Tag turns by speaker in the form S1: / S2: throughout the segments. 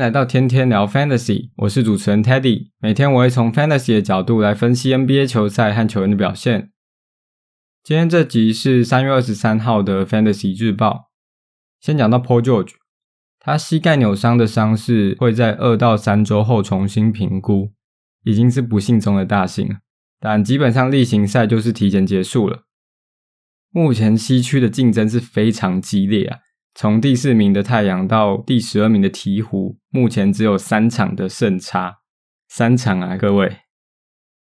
S1: 來到天天聊 Fantasy，我是主持人 Teddy。每天我會從 Fantasy 的角度來分析 NBA 球賽和球員的表現。今天這集是三月二十三號的 Fantasy 日報。先講到 Paul George，他膝蓋扭傷的傷勢會在二到三周後重新評估，已經是不幸中的大幸。但基本上例行賽就是提前結束了。目前西區的競爭是非常激烈啊。從第四名的太陽到第十二名的鵜鶘，目前只有三場的勝差，三場啊，各位！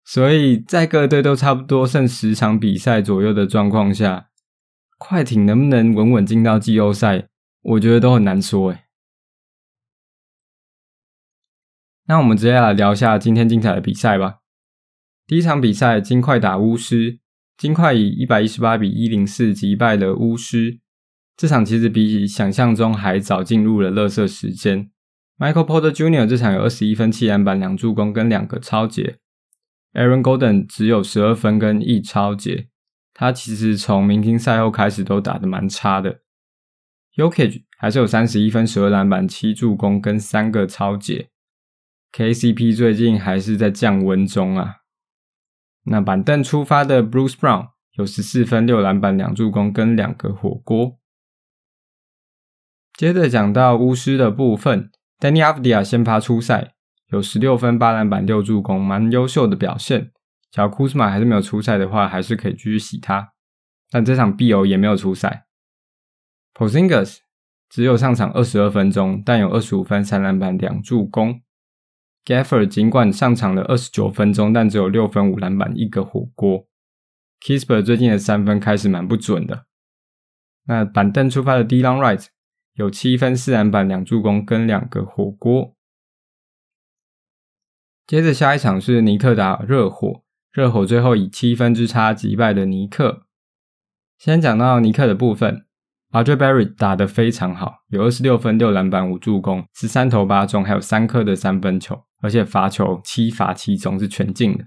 S1: 所以在各隊都差不多剩十場比賽左右的狀況下，快艇能不能穩穩進到季後賽，我覺得都很難說誒。那我們直接來聊一下今天精彩的比賽吧。第一場比賽，金塊打巫師，金塊以一百一十八比一零四擊敗了巫師。這場其實比起想象中還早進入了垃圾時間。Michael Porter Jr. 這場有二十一分、七籃板、兩助攻跟兩個抄截。Aaron Golden 只有十二分跟一抄截。他其實從明星賽後開始都打得蠻差的。Jokic 還是有三十一分、十二籃板、七助攻跟三個抄截。KCP 最近還是在降溫中啊。那板凳出發的 Bruce Brown 有十四分、六籃板、兩助攻跟兩個火鍋。接着講到巫師的部分 Deni Avdija 先發出賽，有十六分八籃板六助攻，蠻優秀的表現。假如 Kuzma 還是沒有出賽的話，還是可以繼續洗他。但這場 BO 也沒有出賽。Porzingis 只有上場二十二分鐘，但有二十五分三籃板兩助攻。Gafford 儘管上場了二十九分鐘，但只有六分五籃板一個火鍋。Kispert 最近的三分開始蠻不準的。那板凳出發的 Delon Wright 有七分四籃板兩助攻跟兩個火鍋。接着下一場是尼克打熱火，熱火最後以七分之差擊敗了尼克。先講到尼克的部分，R.J. Barrett 打得非常好，有二十六分六籃板五助攻，十三投八中，還有三顆的三分球，而且罰球七罰七中是全進的。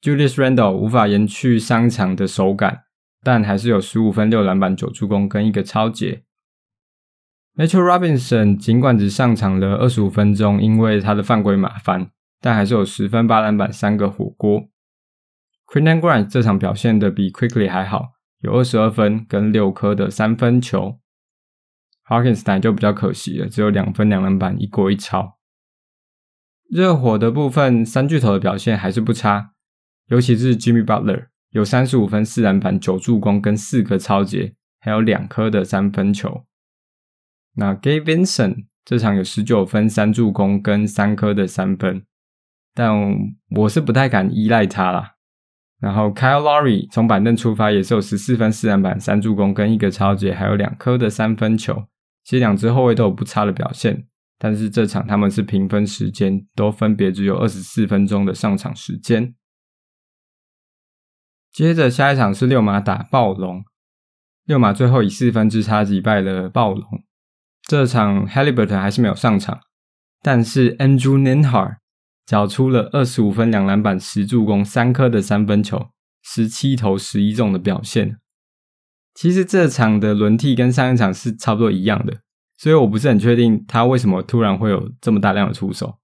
S1: Julius Randle 無法延續上場的手感，但還是有十五分六籃板九助攻跟一個抄截。Mitchell Robinson 儘管只上場了二十五分鐘，因為他的犯規麻煩，但還是有十分八籃板三個火鍋。Quentin Grant 這場表現的比 Quickley 還好，有二十二分跟六顆的三分球。Hartenstein 就比較可惜了，只有兩分兩籃板一鍋一抄。熱火的部分，三巨頭的表現還是不差，尤其是 Jimmy Butler 有三十五分四籃板九助攻跟四顆抄截，還有兩顆的三分球。那 Gabe Vincent 這場有十九分三助攻跟三顆的三分，但、哦、我是不太敢依賴他啦。然後 Kyle Lowry 從板凳出發也是有十四分四籃板三助攻跟一個抄截，還有兩顆的三分球。其實兩支後衛都有不差的表現，但是這場他們是平分時間，都分別只有二十四分鐘的上場時間。接着下一場是溜馬打暴龍，溜馬最後以四分之差擊敗了暴龍。這場 Haliburton 還是沒有上場，但是 Andrew Nembhard 繳出了二十五分、兩籃板、十助攻、三顆的三分球，十七投十一中的表現。其實這場的輪替跟上一場是差不多一樣的，所以我不是很確定他為什麼突然會有這麼大量的出手，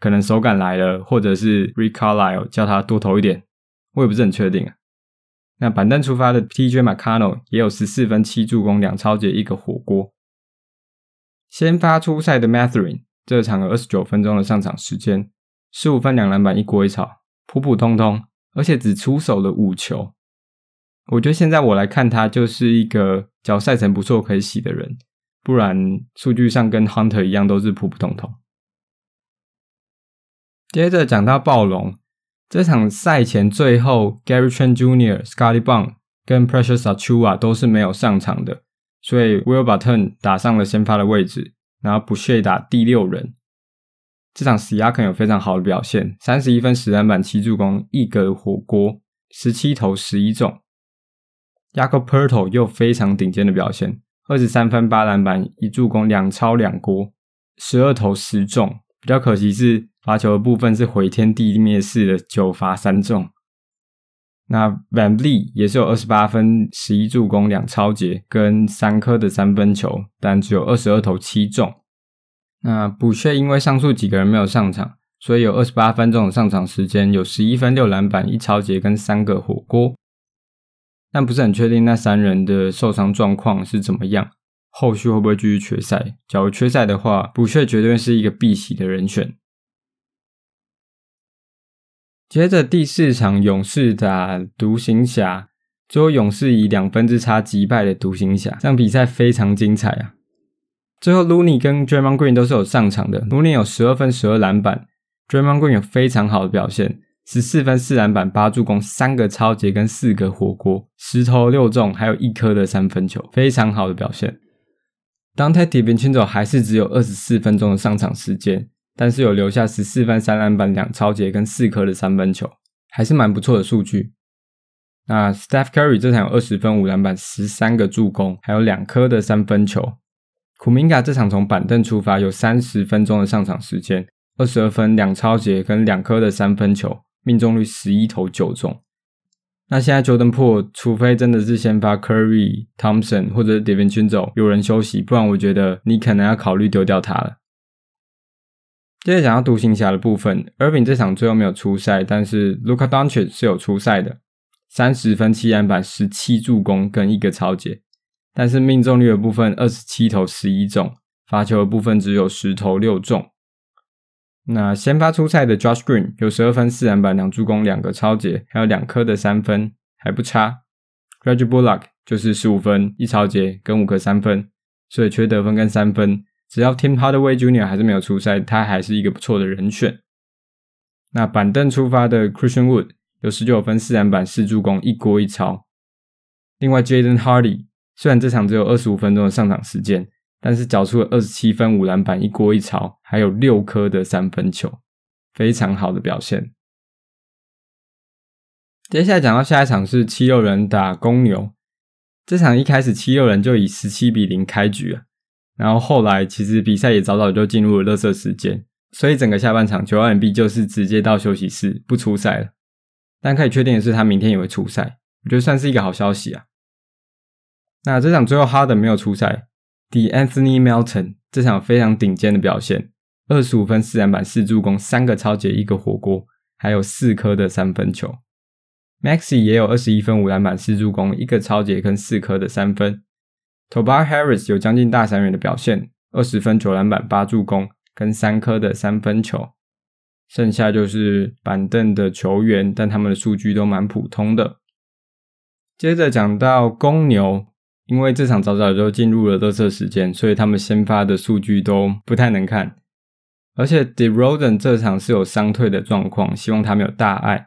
S1: 可能手感來了，或者是 Rick Carlisle 叫他多投一點，我也不是很確定啊。那板凳出發的 TJ McConnell 也有十四分、七助攻、兩抄截一個火鍋。先發出賽的 Mathurin，這場有二十九分鐘的上場時間，十五分兩籃板一鍋一炒，普普通通，而且只出手了五球。我覺得現在我來看他就是一個腳賽程不錯可以洗的人，不然數據上跟 Hunter 一樣都是普普通通。接着講到暴龍，這場賽前最後 Gary Trent Jr.、Scottie Barnes 跟 Precious Achiuwa 都是沒有上場的。所以 Will Barton 打上了先發的位置，然後不謝打第六人。這場 Siakam 有非常好的表現，三十一分十籃板七助攻一格火鍋，十七投十一中。Jakob Poeltl 又非常頂尖的表現，二十三分八籃板一助攻兩抄兩鍋，十二投十中。比較可惜是罰球的部分是毀天滅地式的九罰三中。那 vanli 也是有二十八分、十一助攻、兩抄截跟三顆的三分球，但只有二十二投七中。那 Boucher 因為上述幾個人沒有上場，所以有二十八分鐘的上場時間，有十一分六籃板一抄截跟三個火鍋，但不是很確定那三人的受傷狀況是怎麼樣，後續會不會繼續缺賽？假如缺賽的話，Boucher 絕對是一個必洗的人選。接着第四場勇士打獨行俠，最後勇士以兩分之差擊敗了獨行俠，這場比賽非常精彩啊！最後 Luni 跟 Draymond Green 都是有上場的，盧尼有十二分十二籃板，Draymond Green 有非常好的表現，十四分四籃板八助攻三個抄截跟四個火鍋，十投六中還有一顆的三分球，非常好的表現。當 DiVincenzo 被簽走，還是只有二十四分鐘的上場時間。但是有留下十四分，三籃板，兩抄截跟四顆的三分球，還是蠻不錯的數據。那 Steph Curry 這場有二十分，五籃板，十三個助攻，還有兩顆的三分球。庫明嘎這場從板凳出發，有三十分鐘的上場時間，二十二分，兩抄截跟兩顆的三分球，命中率十一投九中。那現在 Jordan Poole，除非真的是先發 Curry、Thompson 或者 DiVincenzo 有人休息，不然我覺得你可能要考慮丟掉他了。接着講到獨行俠的部分，Irving 這場最後沒有出賽，但是 Luka Doncic 是有出賽的，三十分、七籃板、十七助攻跟一個抄截，但是命中率的部分二十七投十一中，罰球的部分只有十投六中。那先發出賽的 Josh Green 有十二分、四籃板、兩助攻、兩個抄截，還有兩顆的三分，還不差。Reggie Bullock 就是十五分、一抄截跟五顆三分，所以缺得分跟三分。只要 Tim Hardaway Jr. 還是沒有出賽，他還是一個不錯的人選。那板凳出發的 Christian Wood 有十九分四籃板四助攻一鍋一抄。另外，Jaden Hardy 雖然這場只有二十五分鐘的上場時間，但是繳出了二十七分五籃板一鍋一抄，還有六顆的三分球，非常好的表現。接下來講到下一場是七六人打公牛，這場一開始七六人就以十七比零開局了。然後後來，其實比賽也早早就進入了熱身時間，所以整個下半場，球 r m B 就是直接到休息室不出賽了。但可以確定的是，他明天也會出賽，我覺得算是一個好消息啊。那這場最後哈登沒有出賽 h e Anthony Melton 這場非常頂尖的表現，二十五分四籃板四助攻三個超節一個火鍋，還有四顆的三分球。Maxi 也有二十一分五籃板四助攻一個超節跟四顆的三分。Tobias Harris 有將近大三元的表現，二十分、九籃板、八助攻跟三顆的三分球。剩下就是板凳的球員，但他們的數據都蠻普通的。接着講到公牛，因為這場早早就進入了垃圾時間，所以他們先發的數據都不太能看。而且 DeRozan 這場是有傷退的狀況，希望他沒有大礙。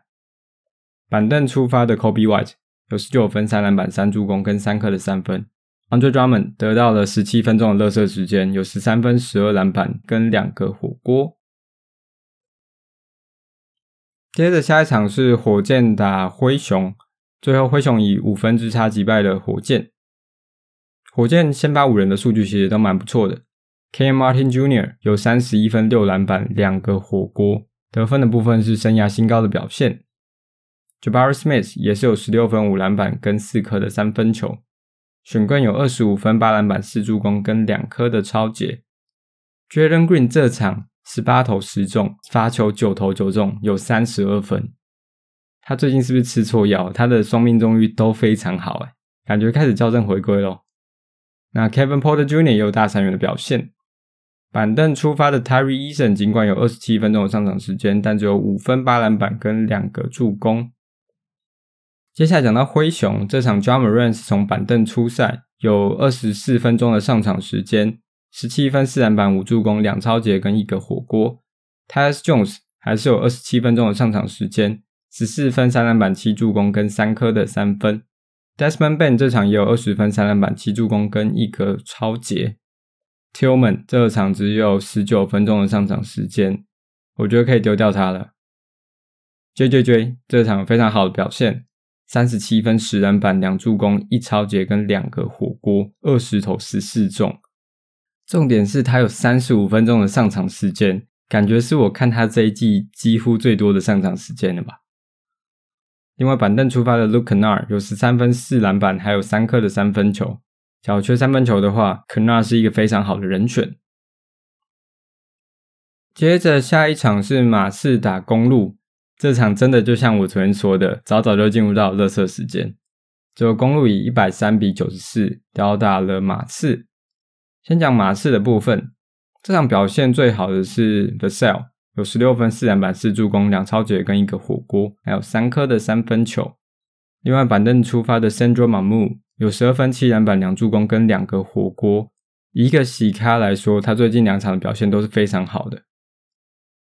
S1: 板凳出發的 Coby White 有十九分、三籃板、三助攻跟三顆的三分。Andre Drummond 得到了十七分鐘的垃圾時間，有十三分、十二籃板跟兩個火鍋。接着下一場是火箭打灰熊，最後灰熊以五分之差擊敗了火箭。火箭先發五人的數據其實都蠻不錯的，K. M. Martin Jr. 有三十一分、六籃板、兩個火鍋，得分的部分是生涯新高的表現。Jabari Smith 也是有十六分、五籃板跟四顆的三分球。選棍有二十五分、八籃板、四助攻，跟兩顆的抄截。Jalen Green 這場十八投十中，罰球九投九中，有三十二分。他最近是不是吃錯藥？他的雙命中率都非常好，哎，感覺開始校正回歸咯。那 Kevin Porter Jr. 也有大三元的表現。板凳出發的 Tari Eason，儘管有二十七分鐘的上場時間，但只有五分、八籃板跟兩個助攻。接下來講到灰熊，這場 Ja Morant 從板凳出賽，有二十四分鐘的上場時間，十七分四籃板五助攻兩抄截跟一個火鍋。Tyus Jones 還是有二十七分鐘的上場時間，十四分三籃板七助攻跟三顆的三分。Desmond Bane 這場也有二十分三籃板七助攻跟一個抄截。Tillman 這場只有十九分鐘的上場時間，我覺得可以丟掉他了。J J J，這場非常好的表現。三十七分十籃板兩助攻一抄截跟兩個火鍋二十投十四中，重點是他有三十五分鐘的上場時間，感覺是我看他這一季幾乎最多的上場時間了吧。另外板凳出發的 Luke Kennard 有十三分四籃板還有三顆的三分球，小缺三分球的話 Kennard 是一個非常好的人選。接着下一場是馬刺打公鹿。這場真的就像我昨天說的，早早就進入到了垃圾時間。最後，公路以一百三比九十四吊打了馬刺。先講馬刺的部分，這場表現最好的是 Vassell，有十六分四籃板四助攻兩抄截跟一個火鍋，還有三顆的三分球。另外板凳出發的 Sandro Mamu 有十二分七籃板兩助攻跟兩個火鍋，以一個喜咖來說，他最近兩場的表現都是非常好的。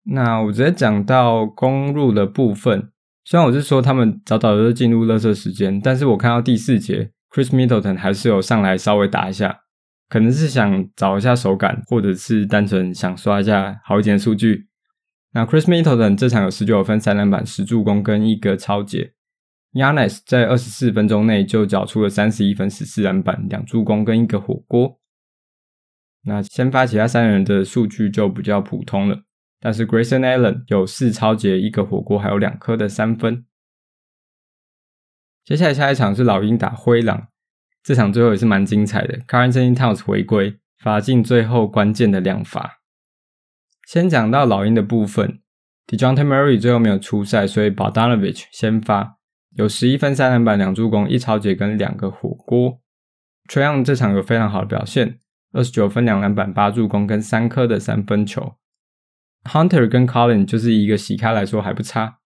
S1: 那我直接講到公鹿的部分，雖然我是說他們早早的就進入垃圾時間，但是我看到第四節，Chris Middleton 還是有上來稍微打一下，可能是想找一下手感，或者是單純想刷一下好一點的數據。那 Chris Middleton 這場有十九分、三籃板、十助攻跟一個抄截。Giannis 在二十四分鐘內就繳出了三十一分、十四籃板、兩助攻跟一個火鍋。那先發其他三人的數據就比較普通了。但是 Grayson Allen 有四抄截、一個火鍋、還有兩顆的三分。接下來下一場是老鷹打灰狼，這場最後也是蠻精彩的。Karl-Anthony Towns 回歸，罰進最後關鍵的兩罰。先講到老鷹的部分，Dejounte Murray 最後沒有出賽，所以 Bogdanovic 先發，有十一分、三籃板、兩助攻、一抄截跟兩個火鍋。Trae Young 這場有非常好的表現，二十九分、兩籃板、八助攻跟三顆的三分球。Hunter 跟 Collin，就是以一個洗咖來說還不差。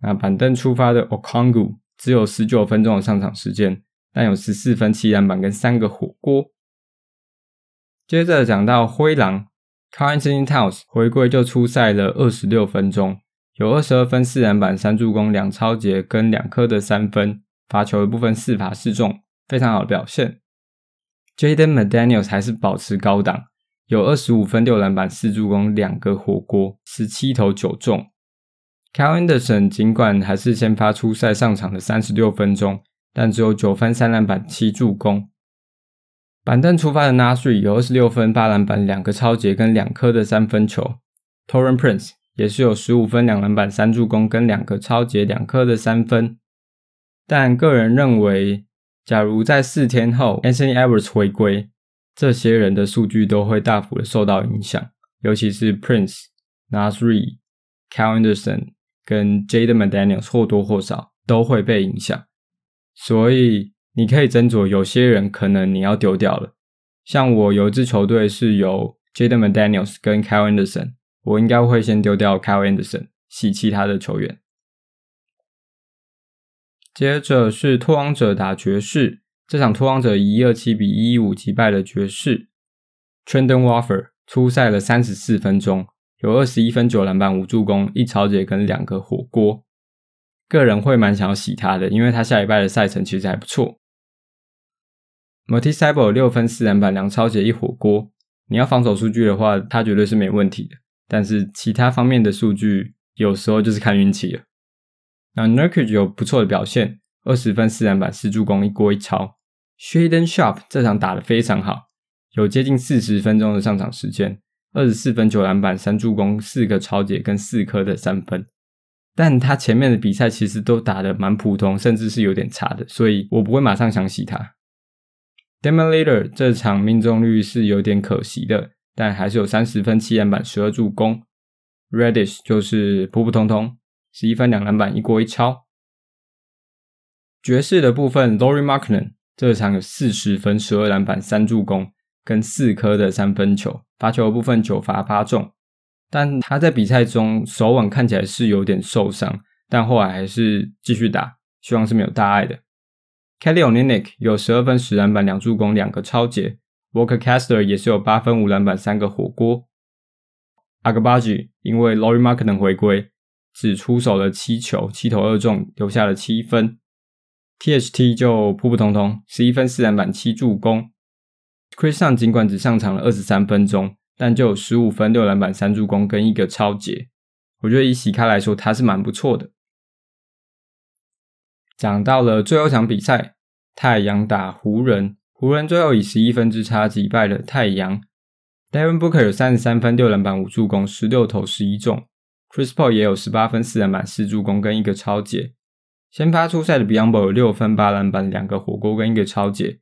S1: 啊板凳出發的 Okongwu 只有十九分鐘的上場時間，但有十四分、七籃板跟三個火鍋。接着講到灰狼 Karl-Anthony Towns 回歸就出賽了二十六分鐘，有二十二分、四籃板、三助攻、兩抄截跟兩顆的三分，罰球的部分四罰四中，非常好的表現。Jaden McDaniels 還是保持高檔。有二十五分、六籃板、四助攻、兩個火鍋、十七投九中。Kyle Anderson 儘管還是先發出賽上場的三十六分鐘，但只有九分、三籃板、七助攻。板凳出發的 Naz Reid 有二十六分、八籃板、兩個抄截跟兩顆的三分球。Taurean Prince 也是有十五分、兩籃板、三助攻跟兩個抄截、兩顆的三分。但個人認為，假如在四天後 Anthony Edwards 回歸。這些人的數據都會大幅的受到影響，尤其是 Prince、Naz Reid、Kyle Anderson 跟 Jaden McDaniels 或多或少都會被影響。所以你可以斟酌，有些人可能你要丟掉了。像我有一支球隊是由 Jaden McDaniels 跟 Kyle Anderson，我應該會先丟掉 Kyle Anderson，洗其他的球員。接着是拓荒者打爵士。這場拓荒者以二七比一五擊敗了爵士。t r e n d o n w o f f e r 出賽了三十四分鐘，有二十一分九籃板五助攻一超截跟兩個火鍋。個人會蠻想要洗他的，因為他下禮拜的賽程其實還不錯。m l t i s y a b l r 六分四籃板兩超截一火鍋。你要防守數據的話，他絕對是沒問題的。但是其他方面的數據有時候就是看運氣了。那 n u r k g e 有不錯的表現，二十分四籃板四助攻一鍋一抄。Shayden Sharp 這場打得非常好，有接近四十分鐘的上場時間，二十四分九籃板三助攻四個抄截跟四顆的三分。但他前面的比賽其實都打得蠻普通，甚至是有點差的，所以我不會馬上想洗他。Damian Lillard 這場命中率是有點可惜的，但還是有三十分七籃板十二助攻。Reddish 就是普普通通，十一分兩籃板一鍋一抄。爵士的部分，Lauri Markkanen。這場有四十分、十二籃板、三助攻，跟四顆的三分球，罰球的部分九罰八中。但他在比賽中手腕看起來是有點受傷，但後來還是繼續打，希望是沒有大礙的。Kelly Olynyk 有十二分、十籃板、兩助攻、兩個抄截。Walker Kessler 也是有八分、五籃板、三個火鍋。Agbaji 因為 Lauri Markkanen 回歸，只出手了七球，七投二中，留下了七分。T.H.T 就普普通通，十一分四籃板七助攻。Chris 上儘管只上場了二十三分鐘，但就有十五分六籃板三助攻跟一個抄截。我覺得以洗咖來說，他是蠻不錯的。講到了最後一場比賽，太陽打湖人，湖人最後以十一分之差擊敗了太陽。Devin Booker 有三十三分六籃板五助攻，十六投十一中。Chris Paul 也有十八分四籃板四助攻跟一個抄截。先發出賽的 Biyombo 有六分八籃板兩個火鍋跟一個抄截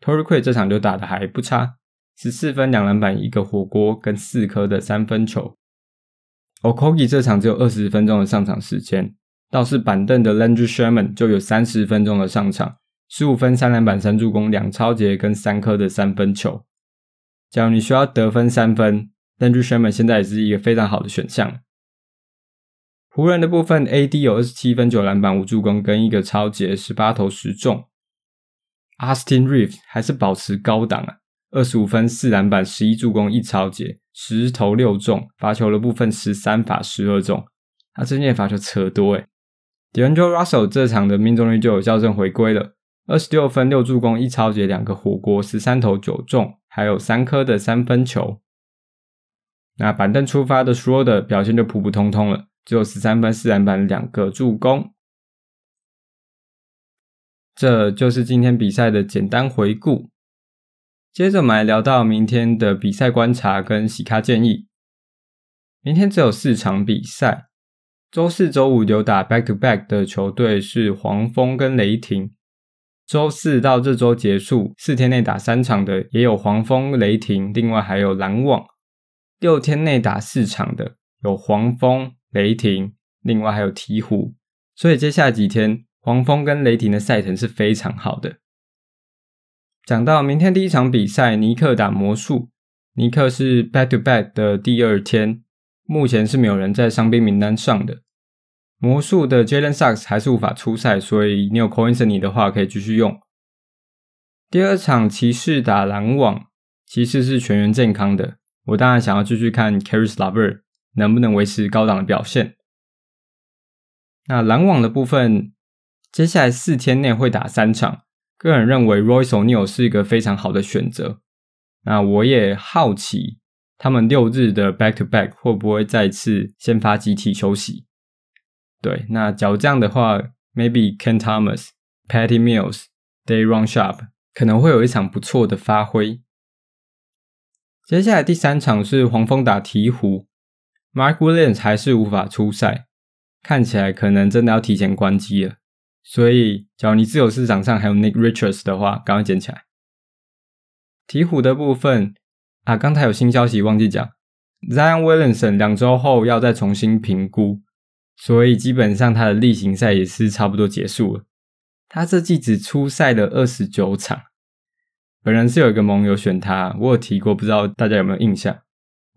S1: ，Torrey Craig 這場就打得還不差，十四分兩籃板一個火鍋跟四顆的三分球。Okogie 這場只有二十分鐘的上場時間，倒是板凳的 Landry Shamet 就有三十分鐘的上場，十五分三籃板三助攻兩抄截跟三顆的三分球。假如你需要得分三分 Landry Shamet 現在也是一個非常好的選項。湖人的部分，AD 有二十七分九籃板五助攻，跟一個抄截十八投十中。Austin Reeves 還是保持高檔啊，二十五分四籃板十一助攻一抄截十投六中，罰球的部分十三罰十二中，他、啊、這屆罰球扯多誒。D'Angelo Russell 這場的命中率就有校正回歸了，二十六分六助攻一抄截兩個火鍋十三投九中，還有三顆的三分球。那板凳出發的 Schroeder 的表現就普普通通了。只有十三分，四籃板，兩個助攻。這就是今天比賽的簡單回顧。接着我們來聊到明天的比賽觀察跟洗咖建議。明天只有四場比賽，周四、周五有打 back to back 的球隊是黃蜂跟雷霆。周四到這周結束，四天內打三場的也有黃蜂、雷霆，另外還有籃網。六天內打四場的有黃蜂、雷霆，另外還有鵜鶘，所以接下來幾天，黃蜂跟雷霆的賽程是非常好的。講到明天第一場比賽，尼克打魔術，尼克是 back to back 的第二天，目前是沒有人在傷兵名單上的。魔術的 Jalen Suggs 還是無法出賽，所以你有 Cole Anthony 的話可以繼續用。第二場騎士打籃網，騎士是全員健康的，我當然想要繼續看 Caris LeVert。能不能維持高檔的表現？那籃網的部分，接下來四天內會打三場。個人認為 Royce O'Neale 是一個非常好的選擇。那我也好奇，他們六日的 Back to Back 會不會再次先發集體休息？對，那假如這樣的話，Maybe Cam Thomas、Patty Mills、Day'Ron Sharpe 可能會有一場不錯的發揮。接下來第三場是黃蜂打鵜鶘。Mark Williams 還是無法出賽，看起來可能真的要提前關機了。所以，假如你自由市場上還有 Nick Richards 的話，趕快撿起來。鵜鶘的部分啊，剛才有新消息忘記講，Zion Williamson 兩週後要再重新評估，所以基本上他的例行賽也是差不多結束了。他這季只出賽了二十九場，本人是有一個盟友選他，我有提過，不知道大家有沒有印象。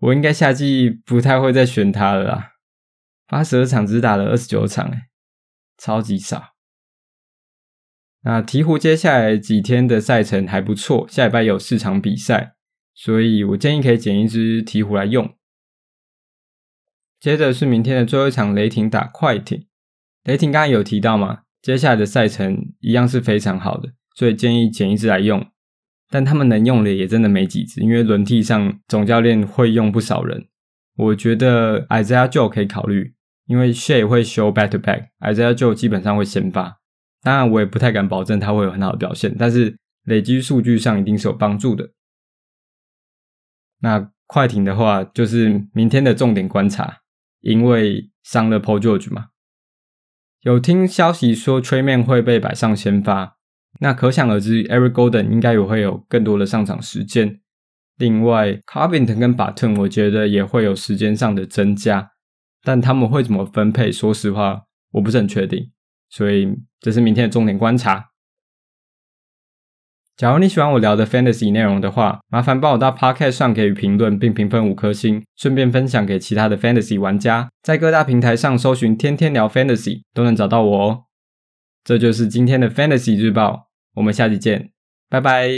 S1: 我應該夏季不太會再選他了啦，八十二場只打了二十九場，欸，超級少。那鹈鶘接下來幾天的賽程還不錯，下禮拜有四場比賽，所以我建議可以撿一只鹈鶘來用。接着是明天的最後一場雷霆打快艇，雷霆剛才有提到嘛，接下來的賽程一樣是非常好的，所以建議撿一只來用。但他們能用的也真的沒幾支，因為輪替上總教練會用不少人。我覺得 Isaiah Joe 可以考慮，因為 Shai 會休 back to back，Isaiah Joe 基本上會先發。當然，我也不太敢保證他會有很好的表現，但是累積數據上一定是有幫助的。那快艇的話，就是明天的重點觀察，因為傷了 Paul George 嘛，有聽消息說 Terance Mann 會被擺上先發。那可想而知 Eric Golden 應該也會有更多的上場時間。另外，Carvinte 跟 Button 我覺得也會有時間上的增加，但他們會怎麼分配，說實話我不是很確定。所以這是明天的重點觀察。假如你喜歡我聊的 Fantasy 內容的話，麻煩幫我到 Podcast 上給予評論並評分五顆星，順便分享給其他的 Fantasy 玩家，在各大平台上搜尋“天天聊 Fantasy” 都能找到我哦。這就是今天的《Fantasy 日報》，我們下期見，拜拜！